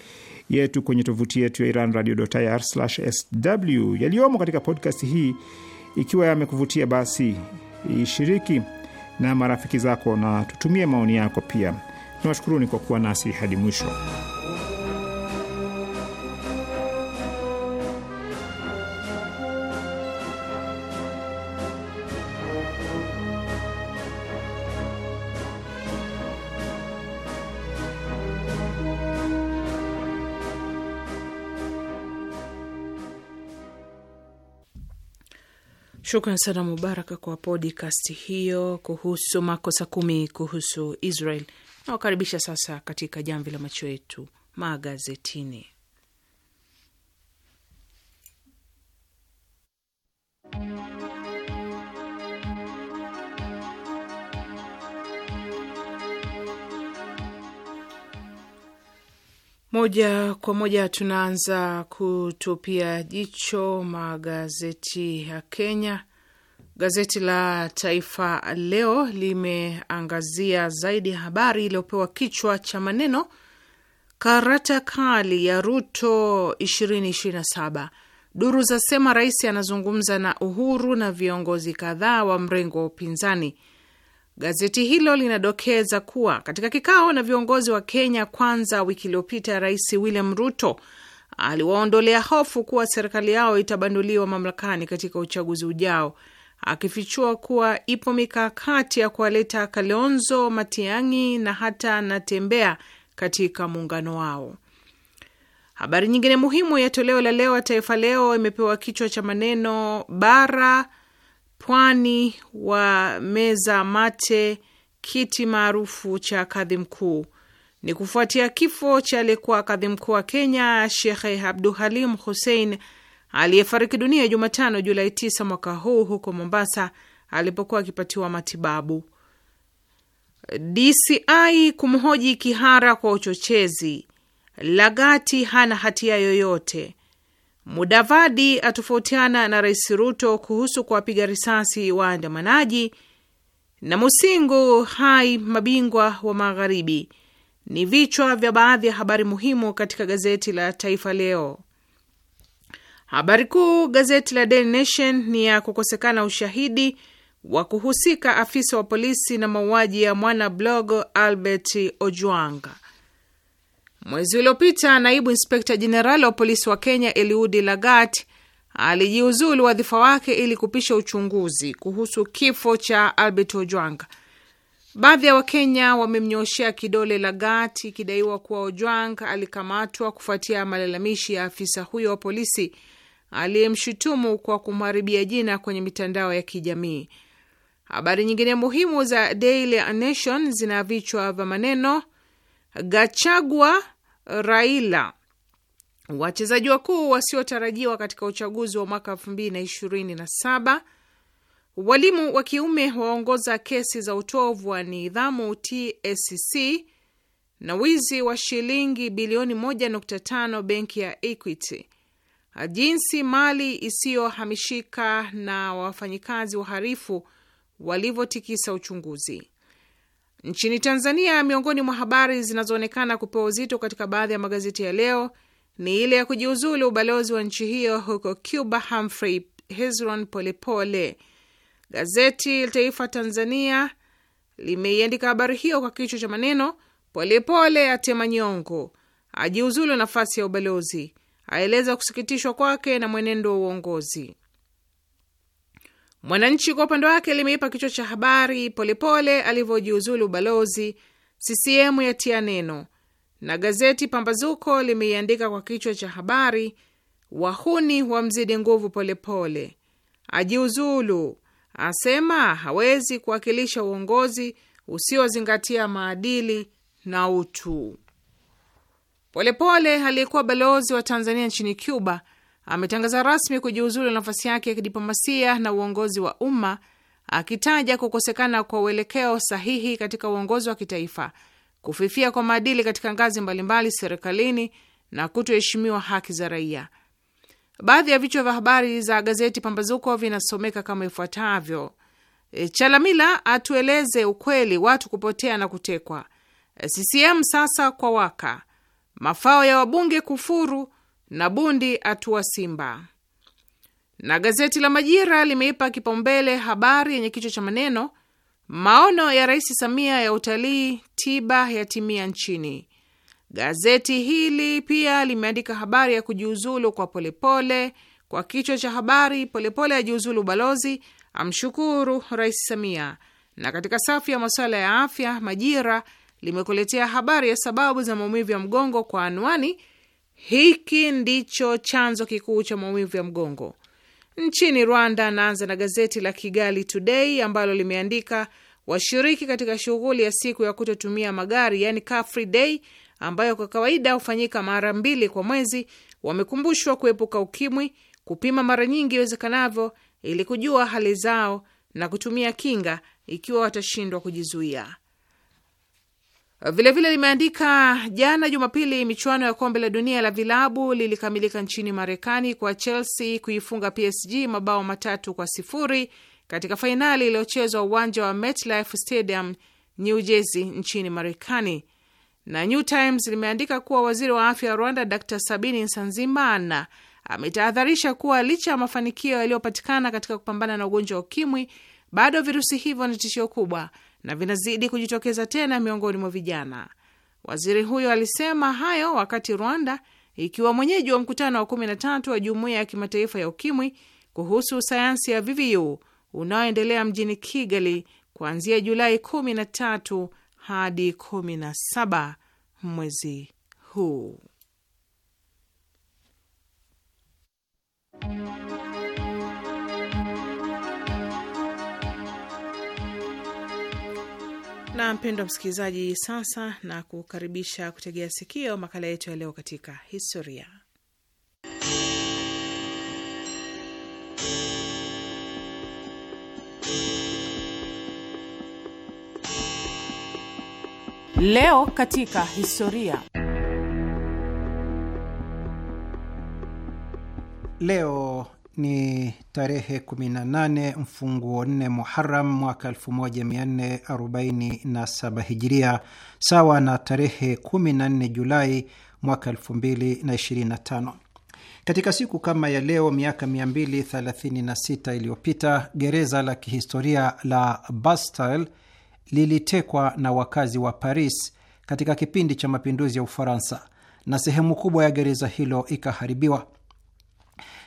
yetu kwenye tovuti yetu ya iranradio.ir/sw. Yaliyomo katika podcast hii, ikiwa yamekuvutia, basi ishiriki na marafiki zako na tutumie maoni yako pia. Tunawashukuruni kwa kuwa nasi hadi mwisho. Shukran sana Mubaraka kwa podcast hiyo kuhusu makosa kumi kuhusu Israel. Nawakaribisha sasa katika jamvi la macho yetu magazetini. Moja kwa moja tunaanza kutupia jicho magazeti ya Kenya. Gazeti la Taifa Leo limeangazia zaidi habari iliyopewa kichwa cha maneno karata kali ya Ruto 2027 duru zasema rais anazungumza na Uhuru na viongozi kadhaa wa mrengo wa upinzani. Gazeti hilo linadokeza kuwa katika kikao na viongozi wa Kenya Kwanza wiki iliyopita, Rais William Ruto aliwaondolea hofu kuwa serikali yao itabanduliwa mamlakani katika uchaguzi ujao, akifichua kuwa ipo mikakati ya kuwaleta Kalonzo Matiang'i na hata Natembea katika muungano wao. Habari nyingine muhimu ya toleo la leo Taifa Leo imepewa kichwa cha maneno bara pwani wa meza mate kiti maarufu cha kadhi mkuu. Ni kufuatia kifo cha aliyekuwa kadhi mkuu wa Kenya Shekhe Abdu Halim Hussein aliyefariki dunia Jumatano Julai 9 mwaka huu huko Mombasa alipokuwa akipatiwa matibabu. DCI kumhoji Kihara kwa uchochezi. Lagati hana hatia yoyote. Mudavadi atofautiana na Rais Ruto kuhusu kuwapiga risasi waandamanaji, na Musingu hai mabingwa wa magharibi ni vichwa vya baadhi ya habari muhimu katika gazeti la Taifa Leo. Habari kuu gazeti la Daily Nation ni ya kukosekana ushahidi wa kuhusika afisa wa polisi na mauaji ya mwana blog Albert Ojwanga. Mwezi uliopita naibu inspekta jenerali wa polisi wa Kenya Eliudi Lagat alijiuzulu wadhifa wake ili kupisha uchunguzi kuhusu kifo cha Albert Ojwang. Baadhi ya Wakenya wamemnyoshea kidole Lagat ikidaiwa kuwa Ojwang alikamatwa kufuatia malalamishi ya afisa huyo wa polisi aliyemshutumu kwa kumharibia jina kwenye mitandao ya kijamii. Habari nyingine muhimu za Daily Nation zina vichwa vya maneno Gachagua, Raila wachezaji wakuu wasiotarajiwa katika uchaguzi wa mwaka elfu mbili na ishirini na saba. Walimu wa kiume waongoza kesi za utovu wa nidhamu TSC, na wizi wa shilingi bilioni 1.5 benki ya Equity, jinsi mali isiyohamishika na wafanyikazi waharifu walivyotikisa uchunguzi. Nchini Tanzania, miongoni mwa habari zinazoonekana kupewa uzito katika baadhi ya magazeti ya leo ni ile ya kujiuzulu ubalozi wa nchi hiyo huko Cuba Humphrey Hezron Polepole. Gazeti la Taifa Tanzania limeiandika habari hiyo kwa kichwa cha maneno, Polepole atema nyongo, ajiuzulu nafasi ya ubalozi, aeleza kusikitishwa kwake na mwenendo wa uongozi. Mwananchi kwa upande wake limeipa kichwa cha habari Polepole alivyojiuzulu ubalozi, CCM yatia neno, na gazeti Pambazuko limeiandika kwa kichwa cha habari wahuni wamzidi nguvu Polepole, ajiuzulu, asema hawezi kuwakilisha uongozi usiozingatia maadili na utu. Polepole aliyekuwa balozi wa Tanzania nchini Cuba ametangaza rasmi kujiuzulu nafasi yake ya kidiplomasia na uongozi wa umma akitaja kukosekana kwa uelekeo sahihi katika uongozi wa kitaifa, kufifia kwa maadili katika ngazi mbalimbali serikalini na kutoheshimiwa haki za raia. Baadhi ya vichwa vya habari za gazeti Pambazuko vinasomeka kama ifuatavyo: e, Chalamila atueleze ukweli watu kupotea na kutekwa. E, CCM sasa kwa waka mafao ya wabunge kufuru na bundi atua Simba. Na gazeti la Majira limeipa kipaumbele habari yenye kichwa cha maneno maono ya Rais Samia ya utalii tiba ya timia nchini. Gazeti hili pia limeandika habari ya kujiuzulu kwa Polepole pole, kwa kichwa cha habari Polepole ajiuzulu balozi amshukuru Rais Samia. Na katika safu ya masuala ya afya, Majira limekuletea habari ya sababu za maumivu ya mgongo kwa anwani hiki ndicho chanzo kikuu cha maumivu ya mgongo nchini Rwanda. Anaanza na gazeti la Kigali Today ambalo limeandika washiriki katika shughuli ya siku ya kutotumia magari, yani car free day, ambayo kwa kawaida hufanyika mara mbili kwa mwezi, wamekumbushwa kuepuka ukimwi, kupima mara nyingi iwezekanavyo ili kujua hali zao na kutumia kinga ikiwa watashindwa kujizuia. Vilevile limeandika jana Jumapili, michuano ya kombe la dunia la vilabu lilikamilika nchini Marekani kwa Chelsea kuifunga PSG mabao matatu kwa sifuri katika fainali iliyochezwa uwanja wa MetLife Stadium, New Jersey, nchini Marekani. Na New Times limeandika kuwa waziri wa afya wa Rwanda Dr Sabini Nsanzimana ametahadharisha kuwa licha ya mafanikio yaliyopatikana katika kupambana na ugonjwa wa ukimwi, bado virusi hivyo ni tishio kubwa na vinazidi kujitokeza tena miongoni mwa vijana. Waziri huyo alisema hayo wakati Rwanda ikiwa mwenyeji wa mkutano wa 13 wa Jumuiya ya Kimataifa ya Ukimwi kuhusu sayansi ya VVU unaoendelea mjini Kigali kuanzia Julai 13 hadi 17 mwezi huu. Na mpendo msikilizaji, sasa na kukaribisha kutegea sikio makala yetu ya leo katika historia. Leo katika historia. Leo ni tarehe 18 mfunguo 4 Muharam mwaka 1447 Hijiria, sawa na tarehe 14 Julai mwaka 2025. Katika siku kama ya leo miaka 236 iliyopita gereza la kihistoria la Bastille lilitekwa na wakazi wa Paris katika kipindi cha mapinduzi ya Ufaransa na sehemu kubwa ya gereza hilo ikaharibiwa.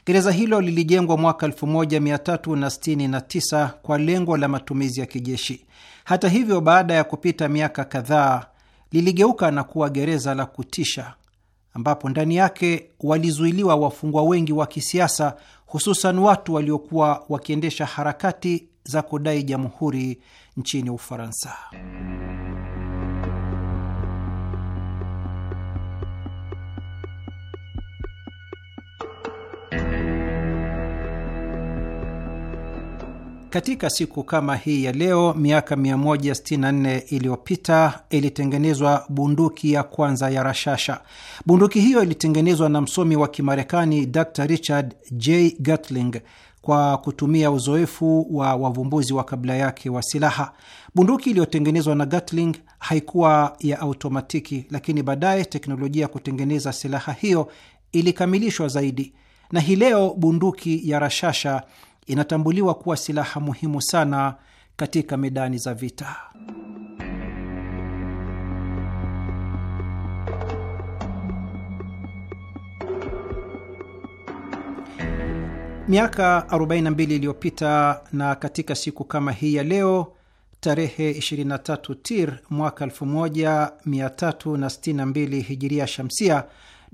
Gereza hilo lilijengwa mwaka 1369 kwa lengo la matumizi ya kijeshi. Hata hivyo, baada ya kupita miaka kadhaa, liligeuka na kuwa gereza la kutisha ambapo ndani yake walizuiliwa wafungwa wengi wa kisiasa, hususan watu waliokuwa wakiendesha harakati za kudai jamhuri nchini Ufaransa. Katika siku kama hii ya leo miaka 164 iliyopita ilitengenezwa bunduki ya kwanza ya rashasha. Bunduki hiyo ilitengenezwa na msomi wa Kimarekani Dr Richard J Gatling kwa kutumia uzoefu wa wavumbuzi wa kabla yake wa silaha. Bunduki iliyotengenezwa na Gatling haikuwa ya automatiki, lakini baadaye teknolojia ya kutengeneza silaha hiyo ilikamilishwa zaidi, na hii leo bunduki ya rashasha inatambuliwa kuwa silaha muhimu sana katika medani za vita. Miaka 42 iliyopita na katika siku kama hii ya leo tarehe 23 Tir mwaka 1362 hijiria shamsia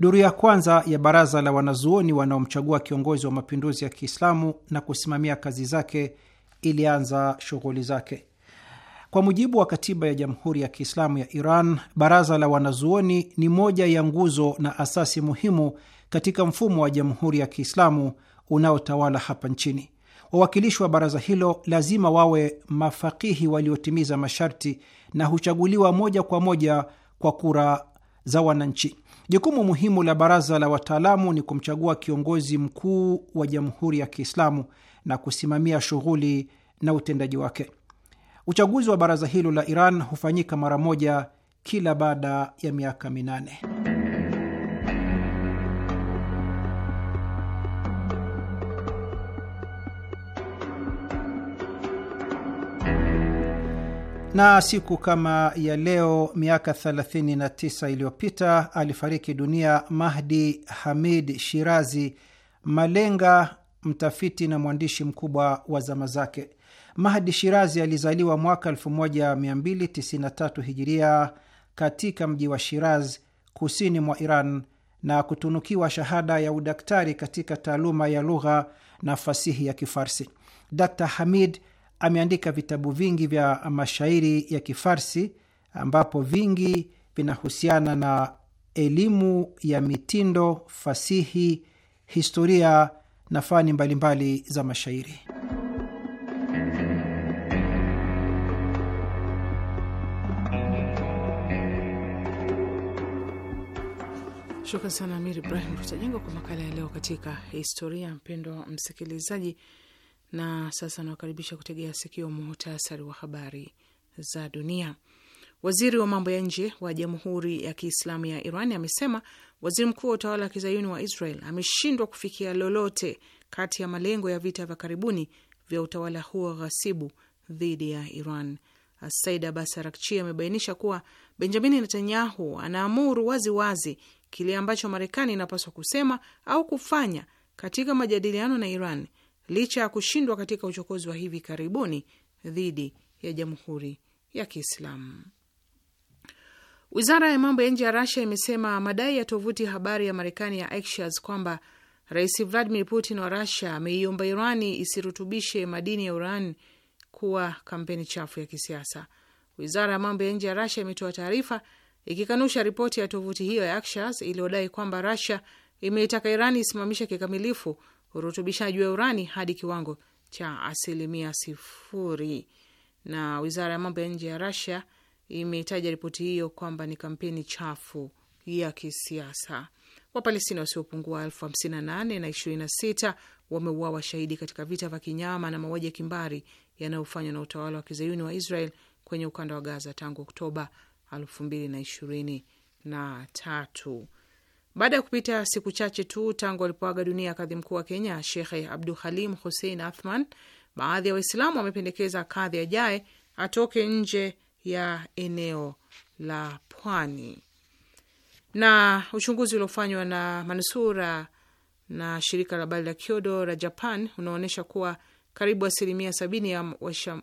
Duru ya kwanza ya baraza la wanazuoni wanaomchagua kiongozi wa mapinduzi ya Kiislamu na kusimamia kazi zake ilianza shughuli zake. Kwa mujibu wa katiba ya Jamhuri ya Kiislamu ya Iran, baraza la wanazuoni ni moja ya nguzo na asasi muhimu katika mfumo wa Jamhuri ya Kiislamu unaotawala hapa nchini. Wawakilishi wa baraza hilo lazima wawe mafakihi waliotimiza masharti na huchaguliwa moja kwa moja kwa kura za wananchi. Jukumu muhimu la baraza la wataalamu ni kumchagua kiongozi mkuu wa jamhuri ya Kiislamu na kusimamia shughuli na utendaji wake. Uchaguzi wa baraza hilo la Iran hufanyika mara moja kila baada ya miaka minane. na siku kama ya leo miaka 39 iliyopita alifariki dunia Mahdi Hamid Shirazi, malenga, mtafiti na mwandishi mkubwa wa zama zake. Mahdi Shirazi alizaliwa mwaka 1293 hijiria katika mji wa Shiraz, kusini mwa Iran, na kutunukiwa shahada ya udaktari katika taaluma ya lugha na fasihi ya Kifarsi. Dr Hamid ameandika vitabu vingi vya mashairi ya Kifarsi ambapo vingi vinahusiana na elimu ya mitindo, fasihi, historia na fani mbalimbali za mashairi. Shukran sana Amir Ibrahim Rutajengwa kwa makala ya leo katika historia. Mpendwa msikilizaji, na sasa nawakaribisha kutegea sikio muhtasari wa habari za dunia. Waziri wa mambo ya nje wa Jamhuri ya Kiislamu ya Iran amesema waziri mkuu wa utawala wa kizayuni wa Israel ameshindwa kufikia lolote kati ya malengo ya vita vya karibuni vya utawala huo ghasibu dhidi ya Iran. Said Abbas Arakchi amebainisha kuwa Benjamini Netanyahu anaamuru waziwazi kile ambacho Marekani inapaswa kusema au kufanya katika majadiliano na Iran licha ya kushindwa katika uchokozi wa hivi karibuni dhidi ya Jamhuri ya Kiislamu. Wizara ya mambo ya nje ya Rasia imesema madai ya tovuti habari ya Marekani ya Axios kwamba Rais Vladimir Putin wa Rasia ameiomba Irani isirutubishe madini ya uran kuwa kampeni chafu ya kisiasa. Wizara ya mambo ya nje ya Rasia imetoa taarifa ikikanusha ripoti ya tovuti hiyo ya Axios iliyodai kwamba Rasia imeitaka Irani isimamishe kikamilifu urutubishaji wa urani hadi kiwango cha asilimia sifuri. Na wizara ya mambo ya nje ya Rasia imetaja ripoti hiyo kwamba ni kampeni chafu ya kisiasa. Wapalestina wasiopungua elfu hamsini na nane na ishirini na sita wameuawa washahidi katika vita vya kinyama na mauaji ya kimbari yanayofanywa na utawala wa kizayuni wa Israel kwenye ukanda wa Gaza tangu Oktoba elfu mbili na ishirini na tatu. Baada ya kupita siku chache tu tangu alipoaga dunia kadhi mkuu wa Kenya Shekhe abdu Halim Hussein Athman, baadhi ya Waislamu wamependekeza kadhi ajaye atoke nje ya eneo la pwani. Na uchunguzi uliofanywa na manusura na shirika la habari la Kyodo la Japan unaonyesha kuwa karibu asilimia sabini ya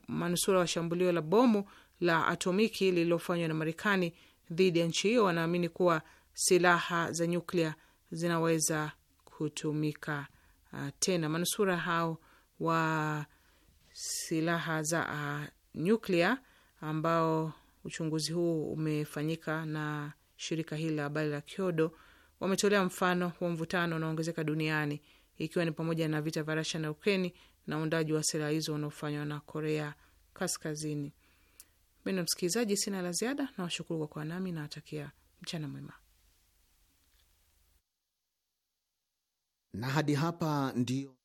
manusura wa shambulio la bomu la atomiki lililofanywa na Marekani dhidi ya nchi hiyo wanaamini kuwa silaha za nyuklia zinaweza kutumika uh, tena. Manusura hao wa silaha za uh, nyuklia ambao uchunguzi huu umefanyika na shirika hili la habari la Kyodo wametolea mfano wa mvutano unaoongezeka duniani ikiwa ni pamoja na vita vya rusia na Ukraini na uundaji wa silaha hizo unaofanywa na Korea Kaskazini. Mpendwa msikilizaji, sina la ziada nawashukuru kwa kuwa nami nawatakia mchana mwema. Na hadi hapa ndio